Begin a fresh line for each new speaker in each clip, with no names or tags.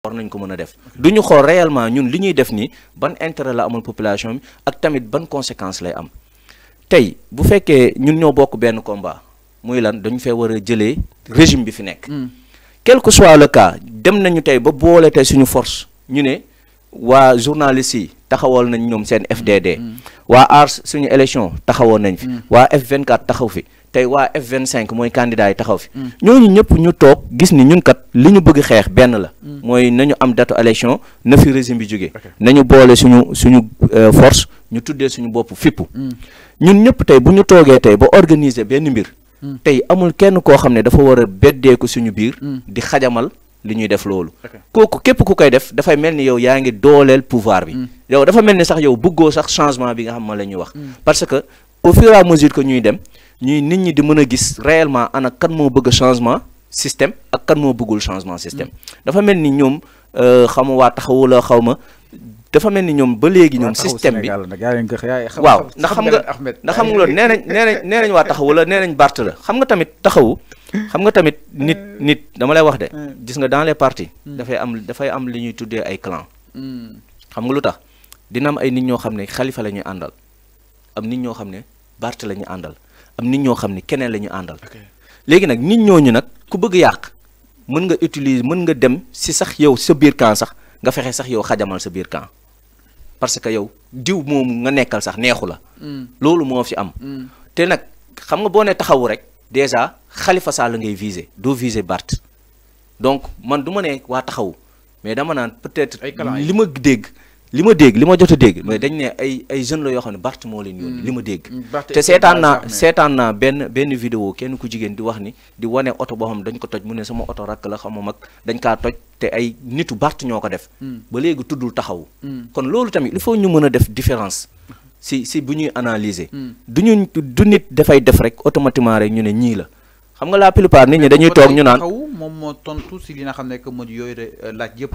war nañ ko mën a def du ñu xool réellement ñun li ñuy def nii ban intérêt la amal population bi ak tamit ban conséquence lay am tey bu fekkee ñun ñoo bokk benn combat muy lan dañu fee war a jëlee régime bi fi nekk. Hmm. quel que soit le cas dem nañu tey ba boole tey suñu force ñu ne waa journaliste yi taxawal nañ ñoom seen FDD. Hmm. waa ARS suñu élection taxawoon nañ fi. Hmm. waa F24 taxaw fi. tay wa F25 moy candidat yi taxaw fi. Mm. ñooñu ñëpp ñu tok gis ni ñun kat li ñu bëgg xex benn la. moy mm. nañu am date élection na fi régime bi jógee. nañu bolé suñu suñu euh, force ñu tuddé suñu bop fippu. Mm. ñun ñëpp tay bu ñu toogee tey ba organiser benn mbir. tay amul kenn ko xamné dafa wara a ko suñu biir. di xajamal li ñuy def lolu koku képp ku koy def da fay melni yow yaangi dolel pouvoir bi. yow dafa mel ni sax yow bëggoo sax changement bi nga xam ma la wax. parce que au fur et à mesure que ñuy dem. ñuy nit ñi di mën a gis réellement ana kan moo bëgg changement système ak kan moo bëggul changement système mm. dafa mel ni ñoom euh, xamu waa taxawu la xaw ma dafa mel ni ñoom ba léegi ñoom système bi waaw ndax xam nga ndax xam nga loolu nee nañ nee nañ nee nañ waa taxawu la nee nañ Bart la xam nga tamit taxawu xam nga tamit nit mm. nit dama lay wax de mm. gis nga dans les partis dafay am dafay am li ñuy tuddee ay clan xam lu tax dina am ay nit ñoo xam ne xalifa la ñuy àndal am nit ñoo xam ne Bart la ñuy àndal am nit ñoo xam ni keneen la ñu àndal. léegi nag nit ñooñu nag ku bëgg yàq mën nga utiliser mën nga dem si sax yow sa biir camp sax nga fexe sax yow xajamal sa biir camp parce que yow diw moom nga nekkal sax neexu la. Mm. loolu moo fi am. Mm. te nag xam nga boo ne taxawu rek déjà Khalifa Sall ngay viser doo viser barte donc man du ma ne waa taxawu mais dama naan peut-être. li ma dégg. li ma dégg li ma jot a dégg mais dañ ne ay ay jeunes la yoo xam ne Bart moo leen yónni mm. li ma dégg mm, te seetaan naa seetaan naa benn benn vidéo kenn ku jigéen di wax ni di wane oto boo xam dañ ko toj mu ne sama oto rakk la xam mag dañ kaa toj te ay nitu Bart ñoo ko def mm. ba léegi tuddul taxaw kon loolu tamit il faut ñu mën a def différence si si bu ñuy analyser du ñu du nit dafay def rek automatiquement rek ñu ne ñii la xam nga la plupart nit ñi dañuy toog ñu naan
moom moo tontu si li nga xam ne que moj yooyu euh, laaj yëpp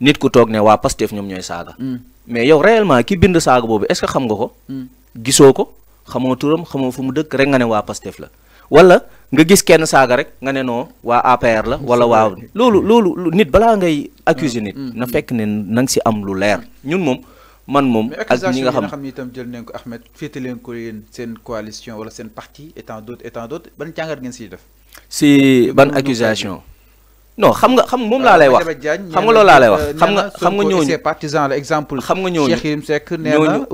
nit ku toog ne waa Pastef ñoom ñooy saaga. Mm. mais yow réellement ki bind saaga boobu est-ce que xam nga ko. Mm. gisoo ko xamoo turam xamoo fu mu dëkk rek nga ne waa Pastef la wala nga gis kenn saaga rek nga ne noo waa APR la wala waa mm. loolu loolu nit balaa ngay accuser na fekk ne na nga si am lu leer ñun moom. man moom ak ñi nga xam
ni itam jël nañ ko Ahmed féete leen ko seen coalition wala parti tant d'autres et tant d'autres ban jàngat ngeen siy def.
si ban accusation. non xam nga xam moom laa lay wax xam nga loolu laa lay wax xam nga xam nga ñooñu
partisan exemple xam nga ñooñu Cheikh Yérim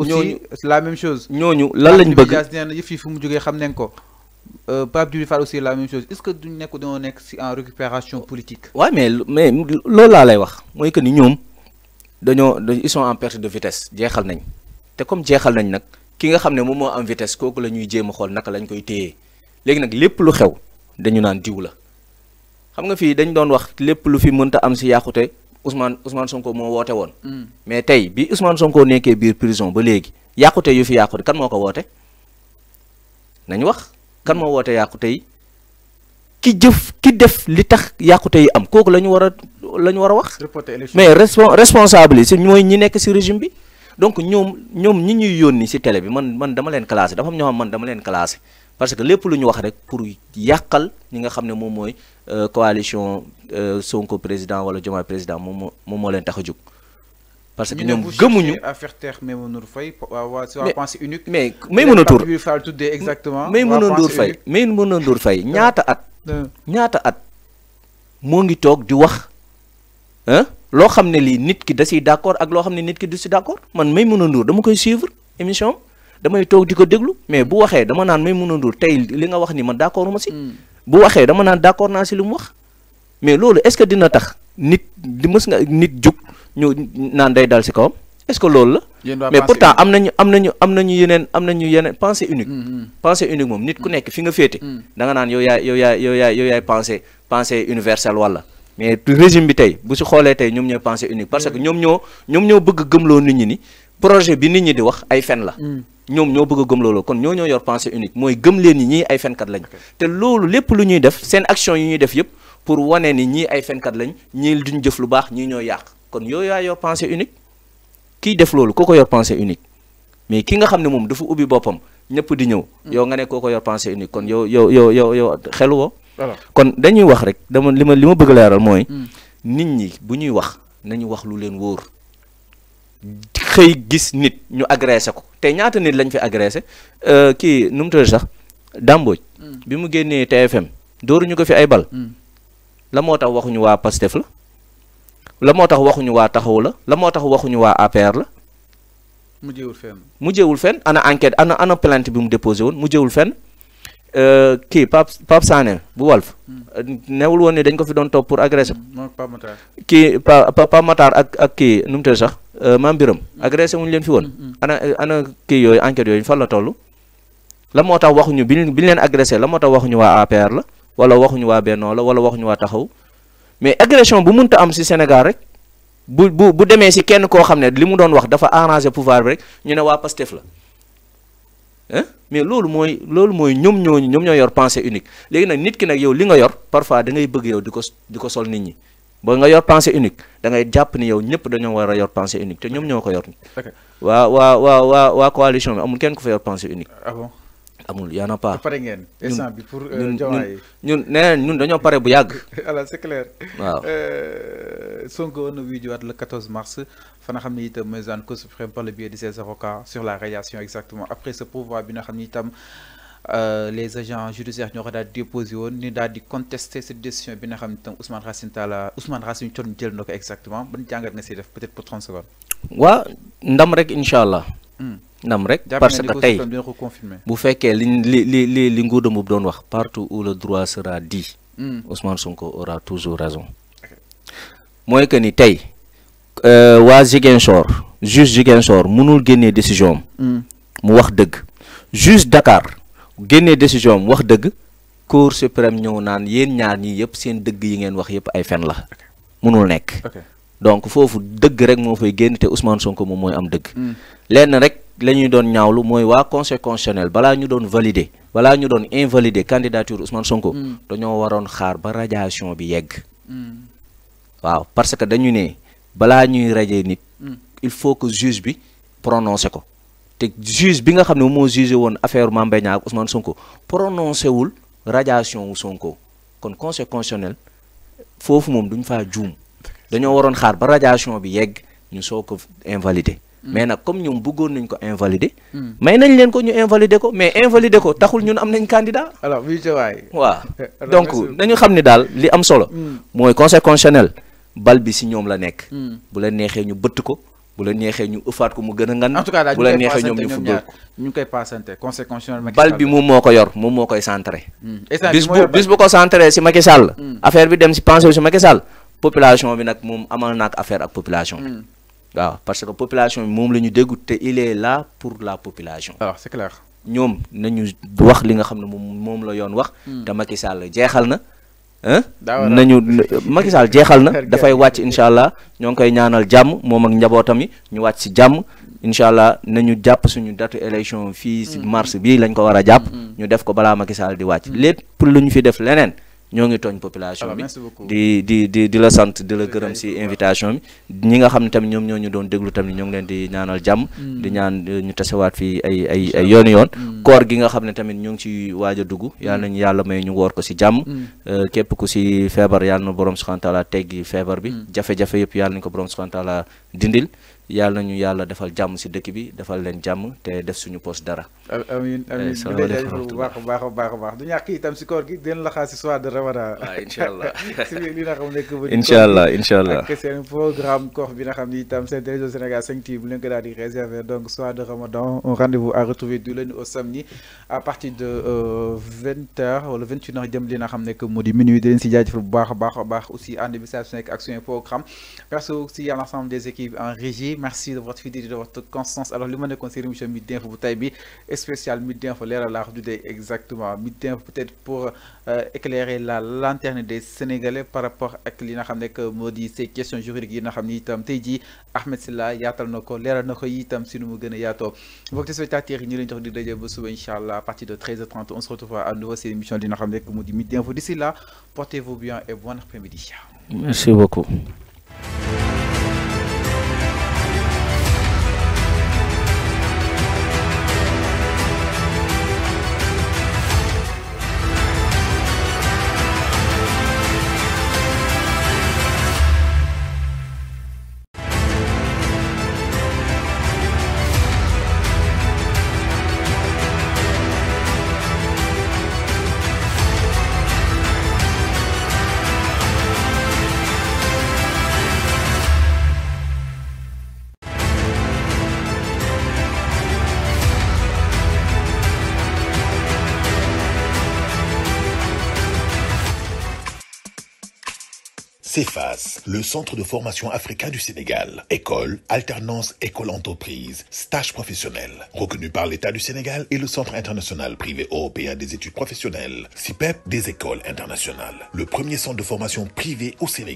la même chose ñooñu lan lañ bëgg nee na yëf yi fu mu jógee xam nañ ko euh, Pape Djibril Fall la même chose est-ce que duñ nekk dañoo nekk si en récupération politique
waaw mais mais loolu laa lay wax mooy que ni ñoom dañoo ils sont en perte de vitesse jeexal nañ te comme jeexal nañ nag ki nga xam ne moom moo am vitesse kooku la ñuy jéem xool naka lañ koy téyee léegi nag lépp lu xew dañu naan diw la xam nga fii dañ doon wax lépp lu fi mënta am si yàqute Ousmane Ousmane Sonko moo woote woon. Mm. mais tey bi Ousmane Sonko nekkee biir prison ba léegi yàqute yu fi yàqute kan moo ko woote nañu wax kan moo woote yàqute yi ki jëf ki def li tax yàqute yi am kooku la ñu war a la ñu war a wax. mais respon responsable yi si mooy ñi nekk si régime bi donc ñoom ñoom ñi ñuy yónni si télé bi man man dama leen classé dafa am ñoo xam man dama leen classé. parce que lepp lu ñu wax rek pour yakal ñi nga xamne mom moy euh, coalition euh, Sonko président wala Diomaye président mom mom mo moo leen tax a parce que ñom gëmuñu
à euh, mais taire Maïmouna Ndour Faye waa waa pensée unique mais Maïmouna Ndour exactement Maïmouna Ndour Faye
Maïmouna Ndour fay ñaata at ñaata at mo ngi tok di wax hein lo xamne li nit ki da ci d'accord ak lo xamne nit ki du ci d'accord man may Maïmouna Ndour dama koy suivre émission damay tok di deglu mais bu waxe dama nan may mën a ndur tey li nga wax ni man d'accord ma si. Hmm. bu waxe dama nan d'accord na si li mu wax mais lolu est-ce que dina tax nit di mës nga nit juk ñu nan day dal si kawam est-ce que lolu mais pourtant amna ñu amna ñu amna ñu yenen amna ñu yenen pensée unique. Hmm, hmm. pensée unique mom nit ku nekk fi nga fété da nga yoya yow ya yow ya yow ya yow ya pensée pensée universelle wala mais régime bi tay bu ci xolé tay ñom ñoy pensée unique parce que ñom ñoo ñom ñoo bëgg lo nit ñi ni projet bi nit ñi di wax ay fen la. ñoom ñoo bëgg a gëm loolu kon ñoo ñoo yor pensée unique mooy gëm leen ni ñii ay fenkat lañ te loolu lépp lu ñuy def seen action yi ñuy def yëpp pour wane ni ñii ay fenkat lañ ñii duñ jëf lu baax ñii ñoo yàq kon yooyu yaa yor pensée unique kiy def loolu ko yor pensée unique mais ki nga xam ne moom dafa ubbi boppam ñëpp di ñëw hmm. yow nga ne ko yor pensée unique kon yow yow yow yow yow xelu woo kon dañuy wax rek dama li ma li ma bëgg leeral mooy hmm. nit ñi bu ñuy wax wax lu leen wóor tey gis nit ñu agressé ko tey ñaata nit lañ fi agressé euh, kii nu mu tudd sax Damboj. Mm. bi mu génnee TFM dooruñu ko fi ay bal. Mm. la moo tax waxuñu waa Pastef la. la moo tax waxuñu waa taxaw la la moo tax waxuñu waa APR la. mujjewul fenn mujjewul fenn ana enquête ana ana plainte bi mu déposé woon mujjewul fenn. Euh, kii pap Pape Sané bu Walf hmm. newul woon ni dañ ko fi doon topp pour agressé hmm, kii Pa Pape Matar ak ak kii nu mu tëdd sax euh, maam Biram hmm. agressé wuñu leen fi woon ana ana kii yooyu enquête yooyu fan la toll la moo tax waxuñu bi ñu leen agressé la moo tax waxuñu waa APR la wala waxuñu waa Bennoo la wala waxuñu waa Taxaw mais agression bu munta am si Sénégal rek bu bu bu demee si kenn koo xam ne li mu doon wax dafa arrangé pouvoir bi rek ñu ne waa Pastef la mais loolu mooy loolu mooy ñoom ñooñu ñoom ñoo yor pensée unique léegi nag nit ki nag yow li nga yor parfois da ngay bëgg yow di ko di ko sol nit ñi ba nga yor pensée unique da ngay jàpp ni yow ñëpp dañoo war a yor pensée unique te ñoom ñoo ko yor. waa waa waa waa waa coalition bi amul kenn ku fa yor pensée unique. Ah amul y en a pas. paré ngène instant bi pour. jawaay ñun euh, ñun ñun dañoo paré bu yàgg.
alors c'est clair. euh Sonko woon vidéo wuyu le 14 mars. fa na xam ni itam mooy zone Cour suprême par le biais de ses avocats sur la radiation exactement après ce pouvoir bi na xam ni euh, les agents judiciaires ñoo ko daal déposé ni daal di contester cette décision bi na xam tam Ousmane Racine Tala Ousmane Racine Thion jël na ko exactement ban jangat nga ci def peut-être pour 30 secondes.
wa ndam rek inshallah hmm vous rek parce que de bu li li li partout où le droit sera dit hmm. Ousmane Sonko aura toujours raison que ni juste euh, juge mënul décision hmm. Dakar une décision am wax dëgg cour suprême ñëw naan yéen ñaar ñii yëpp seen dëgg yi décision. wax ay là, la mënul nekk donc Ousmane Sonko am la ñuy doon ñaawlu mooy waa conseil constitutionnel bala ñu doon valider balaa ñu doon invalider candidature Ousmane Sonko. Mm. dañoo waroon xaar ba radiation bi yegg. Mm. waaw parce que dañu né bala ñuy radier nit. Mm. il faut que juge bi prononcer ko té juge bi nga xamné mo moo won affaire Mame Niak Ousmane Sonko prononcé wul radiation wu Sonko kon conseil constitutionnel fofu mom duñ fa juum dañoo waroon xaar ba radiation bi yegg ñu soo ko invalider. Mm. mais nag comme ñoom bëggoon nañ ko invalider. Mm. may nañ leen ko ñu invalider ko mais invalider ko taxul ñun am nañ candidat. alors waay. waaw donc nañu xam ne daal li am solo. Mm. mooy conseil bal bi si ñoom la nekk. bu la neexee ñu bëtt ko. bu la neexee ñu ëffaat ko mu gën a ngan. en tout cas daal bu la neexee ñoom ñu fubal
ko ñu bal bi moom moo
ko yor moom moo koy centré. bis bu bis ko centré si Macky Sall. affaire bi dem si pensé si Macky Sall. population bi nag moom amal naa ak ak population bi. waaw parce que population bi moom la ñu déggu te il est là pour la population. waaw ah, ñoom nañu wax li nga xam ne moom moom la yoon wax. Hmm. te Macky jeexal na. nañu Macky Sall jeexal na dafay wàcc incha allah ñoo ngi koy ñaanal jàmm moom ak njabootam ñu wàcc si jàmm. incha allah nañu jàpp suñu datu élection fii si hmm. mars bii lañ ko war a jàpp. Hmm. ñu def ko balaa Macky Sall di wàcc. lépp lu ñu fi def leneen. ñoo ngi tooñ population bi di di di di la sant di la gërëm si invitation bi ñi nga xam ne tamit ñoom ñoo ñu doon déglu tamit ñoo ngi leen di ñaanal jàmm mm. di ñaan eh, ñu tasewaat fii ay ay yoon yoon mm. koor gi nga xam ne tamit ñoo ngi ci waaja dugg mm. yàlla ñu yàlla may ñu woor ko si jàmm eh, képp ku si feebar yàlla na borom subhanahu wa taala teggi feebar bi jafe-jafe yëpp yàlla nañ ko borom subhanahu wa taala dindil yalla ñu yalla defal jamm ci dëkk bi defal leen jamm té def suñu poste dara.
amin eh, amin bu dee baax baax baax baax du ñak itam ci koor gi dinañ la xaar si soir de Ramadan. waaw ah, inshallah ci li nga xam nek bu. inshallah inshallah incha allah ak seen programme koor bi nga xam ni itam c'est télévision Sénégal 5 TV bu leen ko daal di réserver donc soir de Ramadan on rendez-vous à retrouver du lundi au samedi à partir de 20h euh, wala 21h dem li nga xam nek moo di minuit leen ci jaajëfal bu baax baax baax aussi ànd bi saa su ak suñu programme perso aussi à l'ensemble des équipes suivi en régie merci de votre fidélité de votre constance alors le ma nekkoon Monsieur émission Midi Info bu tay bi spécial Midi Info leeral exactement Midi peut-être pour euh, éclairer la lanterne des Sénégalais par rapport à li n'a xam que moo di ces questions juridiques yi nga xam ni itam Ahmed Silla yaatal Noko, ko leeral na ko si nu mu gën a yaatoo mbokk spectateurs yi ñu leen jox di daje ba suba à partir de 13h30 on se retrouve à nouveau seen émission de nga xam ne que d'ici là portez-vous bien et bon après-midi.
merci beaucoup.
CEFAS, le centre de formation africain du Sénégal. École, alternance, école-entreprise, stage professionnel. Reconnu par l'État du Sénégal et le Centre international privé européen des études professionnelles, CIPEP des écoles internationales. Le premier centre de formation privé au Sénégal.